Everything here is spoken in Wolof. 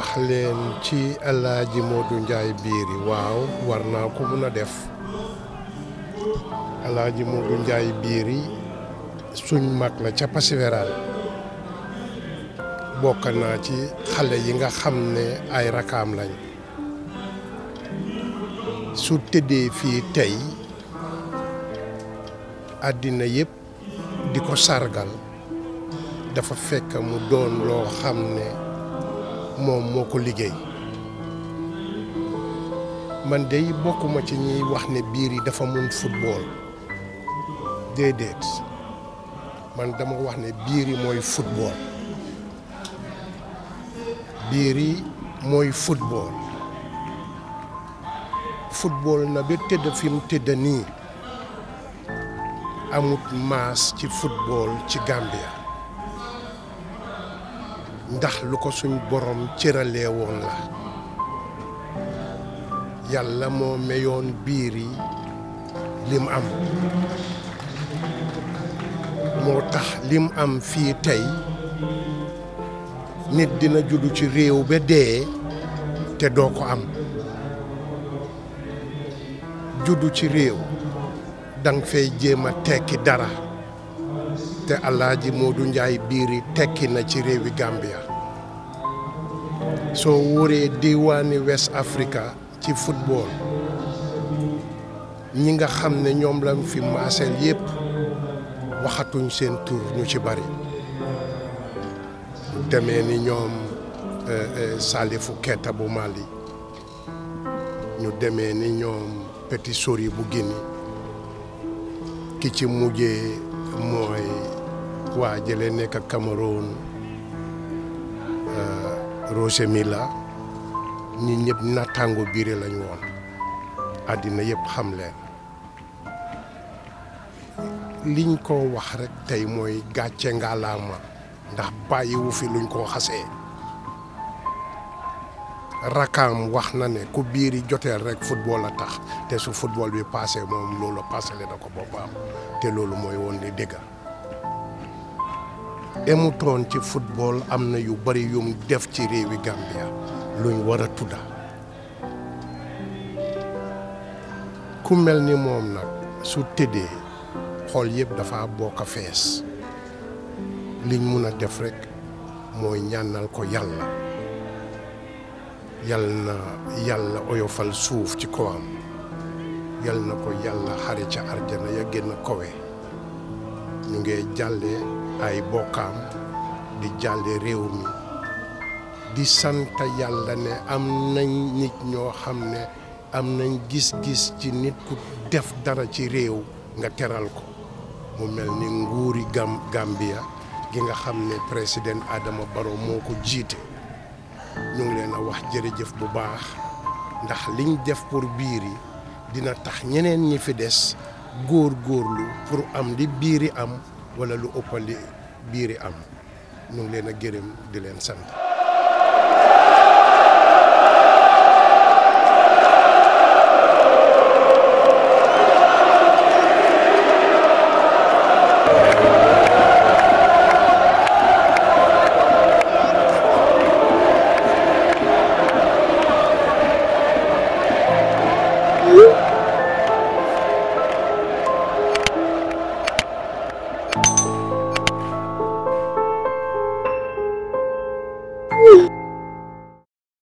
wax leen ci Alaaji Modou Ndiaye Biry waaw war naa ko mun a def Alaaji Modou Ndiaye Biry suñ mag la ca Passéverane bokk naa ci xale yi nga xam ne ay rakaam lañ su tëddee fii tey àddina yépp di ko sargal dafa fekk mu doon loo xam ne moom moo ko liggéey man day bokkuma ci ñuy wax ne biir yi dafa mun football déedéet man dama wax ne biir yi mooy football biir yi mooy na ba tëdd fi mu tëdd nii amut maas ci football ci Gambia ndax lu ko suñ borom cëralee la yàlla moo meyoon biir yi lim am moo tax lim am fii tey nit dina juddu ci réew ba dee te doo ko am juddu ci réew danga fay jéem a tekki dara te Alaaji Modou Ndiaye Biiri tekki na ci réewi Gambia soo wóoree diwaani West Africa ci football ñi nga xam ne ñoom lañ fi maaseel yépp waxatuñ seen tur ñu ci bari demee ni ñoom eh, eh, Salifou Keita bu Mali ñu demee ni ñoom Petit Sori bu Guinée ki ci mujjee mooy waa jële nekk ak Cameroun euh, Roger Milla ñi ñëpp nattaango biire lañ woon àddina yëpp xam leen liñ ko wax rek tey mooy gàcce ngalaama ndax bàyyiwu fi luñ koo xasee rakaam wax na ne ku biir yi joteel rek football la tax te su football bi passé moom loolu passé le na ko boppam te loolu mooy won di dëgga emutoon ci football am na yu bari yum def ci réewi Gambia luñ war a tudda ku mel ni moom nag su tëddee xool yëpp dafa bokk a fees liñ mun a def rekk mooy ñaanal ko yàlla yal na yàlla oyofal suuf ci kawam yal na ko yàlla xare ca arjana ya gën a kawe ñu ngi jàllee ay bokkaam di jàlle réew mi di sant yàlla ne am na nit ñoo xam ne am nañ gis-gis ci nit ku def dara ci réew nga teral ko mu mel ni nguuri gam Gambia gi nga xam ne président Adama Barrow moo ko jiite ñu ngi leen a wax jërëjëf bu baax ndax liñ def pour biir yi dina tax ñeneen ñi fi des góor góorlu pour am li biiri am wala lu ëppal li biiri am ñu ngi leen a gërëm di leen sant